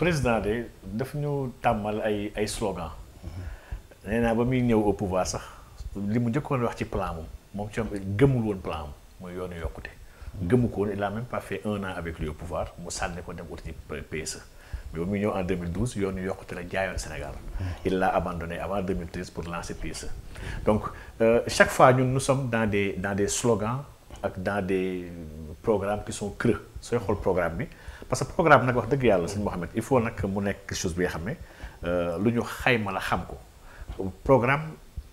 président de daf ñu tàmbal ay ay slogan nee ba muy ñëw au pouvoir sax li mu njëkkoon wax ci plan moom moom ci gëmul woon plan am mooy yoonu yokkute. gëmu ko woon il a même pas fait un an avec lui au pouvoir mu sànni ko dem uti PSE mais ba muy ñëw en 2012 yoonu yokkute la jaayoon Sénégal. il l'a abandonné avant 2013 pour lancer PSE. donc euh, chaque fois ñun nous sommes dans des dans des slogans ak dans des. programmes qui sont creux sooy xool programme bi parce que programme nag wax dëgg yàlla sëñ Mouhamed il faut nag mu nekk chose bi nga xam euh, lu ñu xayma la xam ko programme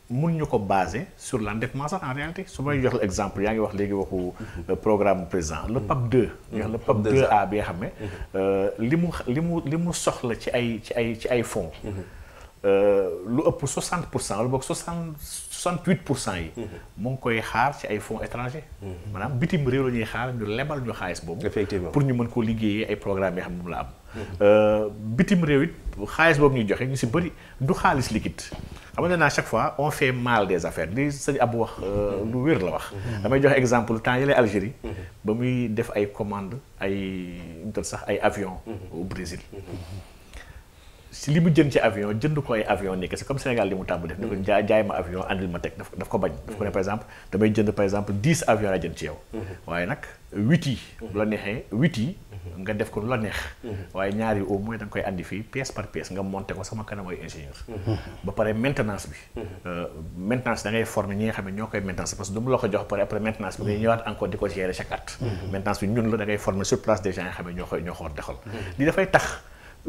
mun ñu ko base sur l'endettement sax en réalité su may jox la exemple yaa ngi wax léegi waxu euh, programme président le PAP 2 ñu wax le PAP 2A bi nga xam mm-hmm. euh, li mu li mu li mu soxla ci ay ci ay ci ay fonds mm-hmm. lu ëpp pour cent wala boog 68 pour cent yi. Mhm. mu ngi koy xaar ci ay fonds étrangers. Mhm. maanaam bitim réew la ñuy xaar ñu lebal ñu xaalis boobu. effectivement pour ñu mën ko liggéeyee ay programmes yoo xam ne mhm. euh, bitim réew it xaalis boobu ñuy joxe ñu si bëri du xaalis liquide. xam nga naa chaque fois on fait mal des affaires li sañ Abou wax euh, lu wér la wax. damay joxe exemple temps yële Algérie. ba muy def ay commande ay ñu sax ay avions au Brésil. si li mu jënd ci avion jënd ko ay avion nii c'est comme Sénégal li mu tàmm mm. def ni ko jaay ma avion andil ma teg daf ko bañ daf ko ne mm. par exemple damay jënd par exemple dix avion laa jënd ci yow mm-hmm. waaye nag huit yi bu la mm-hmm. yi mm-hmm. nga def ko lu neex waaye ñaar yi au moins da nga koy andi fii pièce par pièce nga monté ko sama kanam ay ingénieur ba pare maintenance bi euh, maintenance da ngay former xam ne ñoo koy maintenance parce que du mu ko jox pare après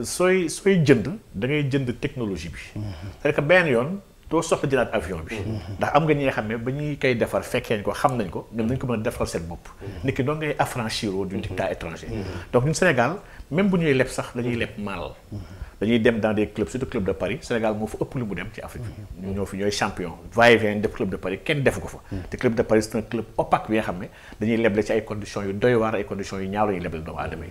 sooy sooy jënd da ngay jënd technologie bi. Mhm. cest à benn yoon doo soxla jëlaat avion bi ndax am nga ñi nga xam ne ba ñuy koy defar fekkeen ko xam nañ ko ñoom nañ ko mën a defaral seen bopp nit ki doon ngay affranchir au d'un étranger donc ñun Sénégal même bu ñuy leb sax dañuy leb mal dañuy dem dans des clubs club de Paris Sénégal moo fa ëpp lu mu dem ci Afrique ñu ñoo fi ñooy champion def club de Paris kenn defu ko fa te club de Paris c'est un club opaque bi nga xam ne dañuy leble ci ay conditions yu doy waar ay conditions yu ñaaw la ñuy leble doomu aadama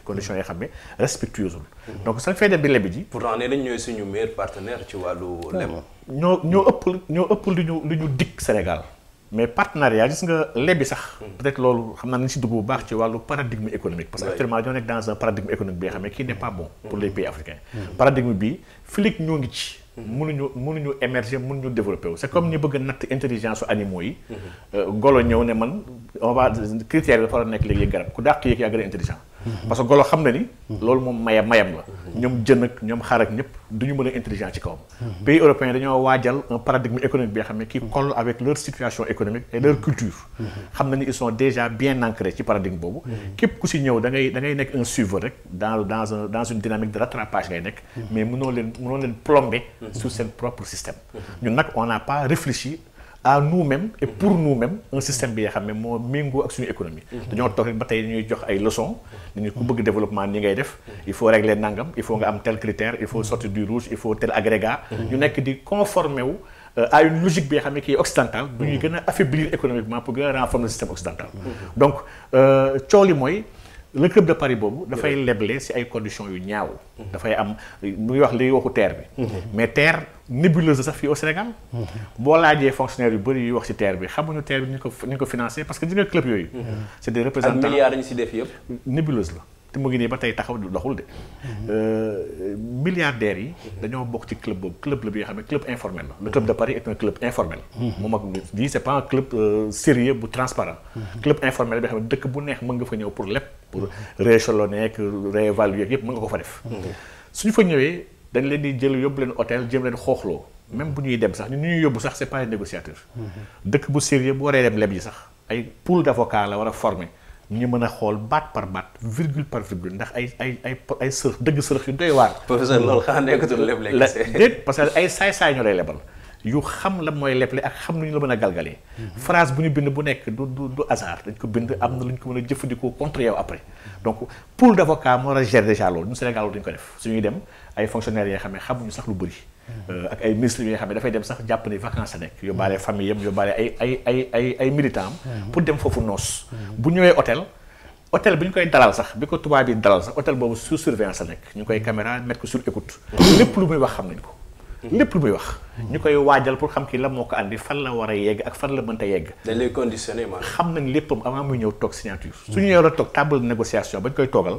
yi ñoo ñoo ëpp ñoo ëpp lu ñu lu ñu dikk Sénégal mais partenariat gis nga lebi sax. Hmm. peut-être loolu xam naa nañu si dugg bu baax ci wàllu paradigme économique. parce que actuellement ñoo nekk dans un paradigme économique bi nga xam ne kii n'est pas bon. pour hmm. les pays africains. Hmm. paradigme bi flic ñoo ngi ci. mënuñu mënuñu émerger mënuñu développer wu. comme ñu bëgg a natt intelligence su animaux yi. Euh, golo ñëw ne man on va critère dafa war a nekk léegi garab ku dàq yéeg yaa gën a parce que golo xam na ni. loolu moom mayam mayam la. ñoom jën ak ñoom xar ak ñëpp du ñu mën a intelligent ci kawam. pays européen dañoo waajal un paradigme économique bi nga xam ne qui colle avec leur situation économique et leur culture. xam na ni ils sont déjà bien ancrés ci paradigme boobu. képp ku si ñëw da ngay da ngay nekk un suiveur rek dans dans un dans une dynamique de rattrapage ngay nekk. Mmh. mais mënoo leen mënoo leen plomber. Mmh. sur seen propre système. ñun nag on n'a pas à nous-mêmes et pour nous-mêmes un système bi nga xam ne moo méngoo ak suñu économie. Mhm. dañoo toog ba tey ñuy jox ay leçons. dañu ku bëgg développement ni ngay def. il faut régler nangam il faut nga am tel critère il faut sortir du rouge il faut tel agrégat. Mhm. ñu nekk di conformer wu. Euh, à une logique bi nga xam ne kii occidentale bu ñuy mhm. gën a affaiblir économiquement pour gën a renforcer le système occidental. donc euh, coow li mooy. le club de Paris boobu dafay leble si ay conditions yu ñaaw. Mhm. dafay am muy wax liy waxu terre bi. Mhm. mais terre nébuleuse sax fii au Sénégal. Mhm. boo laajee fonctionnaire yu bëri yuy wax si terre bi xamuñu terre bi ni ko ni ko financé parce que di club yooyu. c' est des ak milliards dañu si def yëpp. nébuleuse la. te mu ngi nii ba tey taxaw doxul de. Euh, milliardaires yi. dañoo bokk ci club boobu club la bi nga xam ne club informel la. le club de Paris est un club informel. moom ak euh, bi nga dëkk bu neex mën nga fa ñëw pour lépp pour rééchelonner ak réévaluer yëpp mën nga ko fa def. su ñu fa ñëwee dañ leen di jël yóbbu leen hôtel jëm leen xooxloo même bu ñuy dem sax ñu ñuy yóbbu sax c' est pas un négociateur. Mm-hmm. dëkk bu sérieux bu waree dem leb yi sax ay pool d' avocat la war a former. ñu mën a xool baat par baat virgule par virgule ndax ay ay ay ay sërëx dëgg sërëx yu doy waar. professeur loolu xanaa nekkatul leble déet parce que ay saay-saay ñoo lay lebal yu xam la mooy leble ak xam lu la mën a galgalee. Mhm. phrase bu ñu bind bu nekk du du du dañ ko bind am na lu ñu ko mën a jëfandikoo contre yow après donc pool d' avocat moo war a loolu ñun Sénégal loolu dañu ko def su ñuy dem ay fonctionnaires yoo xam ne xamuñu sax lu bëri. Euh, ak ay ministre yi nga xam ne dafay dem sax jàpp ni vacances a nekk yóbbaale mm. famille yam yóbbaale ay ay ay ay ay militant am mm. pour dem foofu noos mm. bu ñëwee hôtel hôtel bi ñu koy dalal sax bi ko tubaab bi dalal sax hôtel boobu sous surveillance a nekk ñu koy caméra mettre ko sur écoute lépp lu muy wax xam nañ ko lépp lu muy wax. ñu koy waajal pour xam kii la moo ko andi fan la war a yegg ak fan la mënta yegg. dañ lay conditionné maanaam. xam nañ léppam avant muy ñëw toog signature. su ñu yore toog table de négociation ba ñu koy toogal.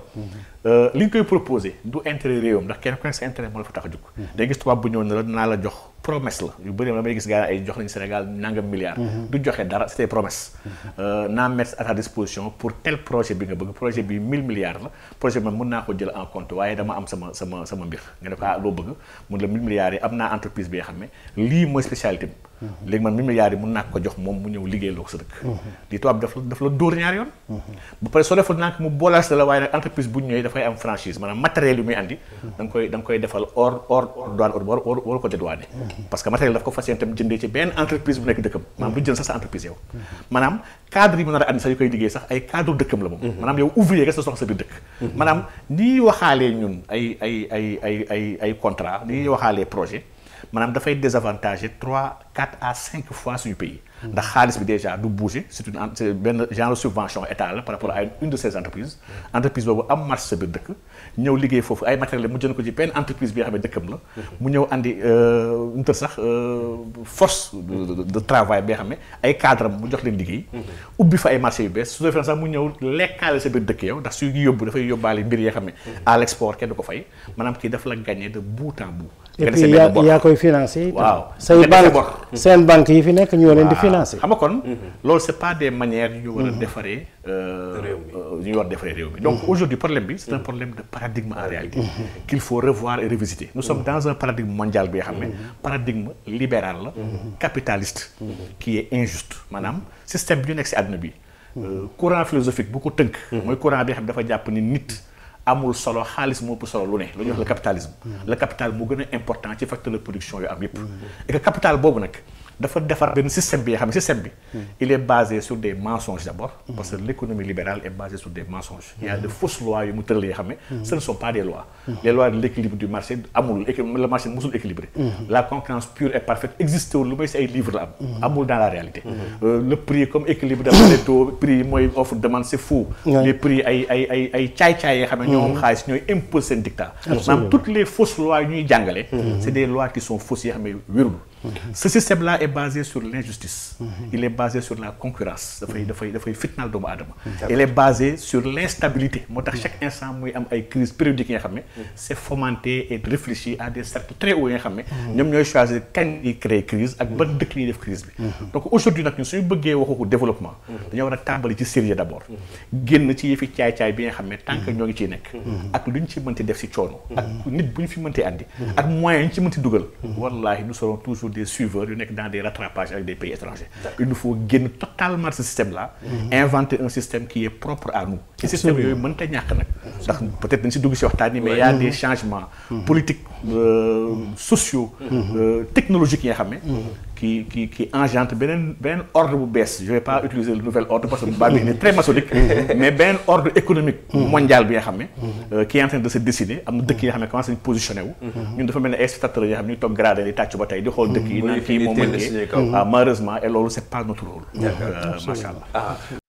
Euh, li ñu koy proposé du intérêt réewam ndax kenn ku nekk sa intérêt moo la fa tax a jóg. Mhm. day gis tubaab bu ñëw na la dinaa la jox. promesse la yu bëri damay gis gars yi ay jox nañu Sénégal nangam milliards. Mhm. du joxe dara c'était promesse. Mhm. Euh, naa mettre à ta disposition pour tel projet bi nga bëgg projet bi 1000 milliards la projet bi man mën naa ko jël en compte waaye dama am sama sama mbir nga ne ko ah loo bëgg mun la 1000 milliards yi am naa entreprise bi nga xam lii mooy spécialité léegi man milliards yi mun naa ko jox moom mu ñëw liggéeyaloo ko sa dëkk. di mhm. tubaab daf la daf la dóor ñaari yoon. Mhm. ba pare soo deful nànk mu boolaas la waaye nag entreprise bu ñu ñëwee dafay am franchise maanaam matériel yu muy andi. Mhm. da koy da nga koy defal hors hors hors douane war ko dédouané. parce que matériel daf ko fas yéene tam jëndee ci benn entreprise bu nekk dëkkam. maanaam du jënd sax sa entreprise yow. maanaam cadre yi mu nar a andi sax yu koy liggéey sax ay cadre dëkkam maanaam yow ouvrier nga sa soxla sa dëkk. maanaam ni ñun ay ay ay ay ay ay contrat ni waxaalee projet maanaam dafay désavantager trois quatre à cinq fois suñu pays. ndax xaalis bi déjà du bouger c'est une benn genre subvention état la par rapport à une de ces entreprises. entreprise boobu am marché sa biir dëkk. ñëw liggéey foofu ay matériels mu jënd ko ci benn entreprise bi nga xam ne la. mu ñëw andi euh, mu sax euh, force de travail bi nga xam ne ay cadres mu jox leen liggéey. ubbi fa ay marché yu bees su defee sax mu ñëw lekkaale sa biir dëkk yow ndax suy yóbbu dafay yóbbaale mbir yi nga xam ne. à l'export kenn du ko fay. maanaam kii daf la gagner de bout et puis yaa yaa koy financé. waaw say banque seen banque yi fi nekk ñoo leen di financé. xam kon mhm. loolu c'est pas des manières yu ñu war a mhm. defaree. Euh, réew mi euh, ñu war a defaree donc mhm. aujourd'hui problème bi c'est un problème de paradigme en réalité. qu'il faut revoir et revisiter. nous sommes dans un paradigme mondial bi nga xam ne. paradigme libéral la. capitaliste. qui est injuste maanaam système bi ñu nekk si àdduna bi. Euh, courant philosophique bu ko tënk. mooy courant bi nga xam dafa jàpp ni nit. amul solo xaalis moo ëpp solo lu ne lu ñuy wax le capitalisme mm. le capital moo gën a important ci facteur de production yu am yëpp et que capital boobu nag dafa defar benn système bi nga xam ne système bi hmm. il est basé sur des mensonges d'abord hmm. parce que l'économie libérale est basée sur des mensonges il y a hmm. de fausses lois yu mu tëral yoo xam ne ce ne sont pas des si ay livres mooy offre demande c'est ay ay ay ay caay-caay yoo xam xaalis ñooy imposer seen dictat maanaam toutes les fausses lois yu ñuy jàngale c'est des lois qui sont fausses yoo xam wérul ce système là est basé sur l'injustice il est basé sur la concurrence dafay dafay fitnaal doomu aadama il est basé sur l'instabilité moo tax chaque instant muy am ay crises périodiques yi nga xam ne mm. c'est fomenté et réfléchi à des très hauts yi nga ñoom ñooy choisir kañ yi créer crise ak ban dëkk ñuy def crise bi mm-hmm. donc aujourd'hui nag ñun suñu bëggee waxu développement mm-hmm. dañoo war a tàmbali ci sérieux d'abord génn ci yëfi caay-caay bi nga xam ne tant que mm-hmm. ngi ciy nekk ak lu ñu ci mënti def si coono ak nit ñu fi mënti andi ak moyens autour des suiveurs yu nekk dans des rattrapages avec des pays étrangers il nous faut génn totalement de ce système là mhm. inventer un système qui est propre à nous système yooyu mënta ñàkk nag ndax peut-être dañ si dugg si waxtaan yi mais y a des euh, sociaux mm-hmm. euh, technologiques yi nga xam ne mm-hmm. qui qui qui engendre beneen beneen ordre bu bees je vais pas utiliser le nouvel ordre parce que baa bi ne très maçonnique mm-hmm. mais beneen ordre économique mondial bi nga xam ne euh, qui de se dessiner am dëkk yi nga xam ne commencé nañ positionné wu ñun dafa mel ne ay spectateurs yi nga xam ñu toog gradé di tàccu ba tey di xool dëkk yi naan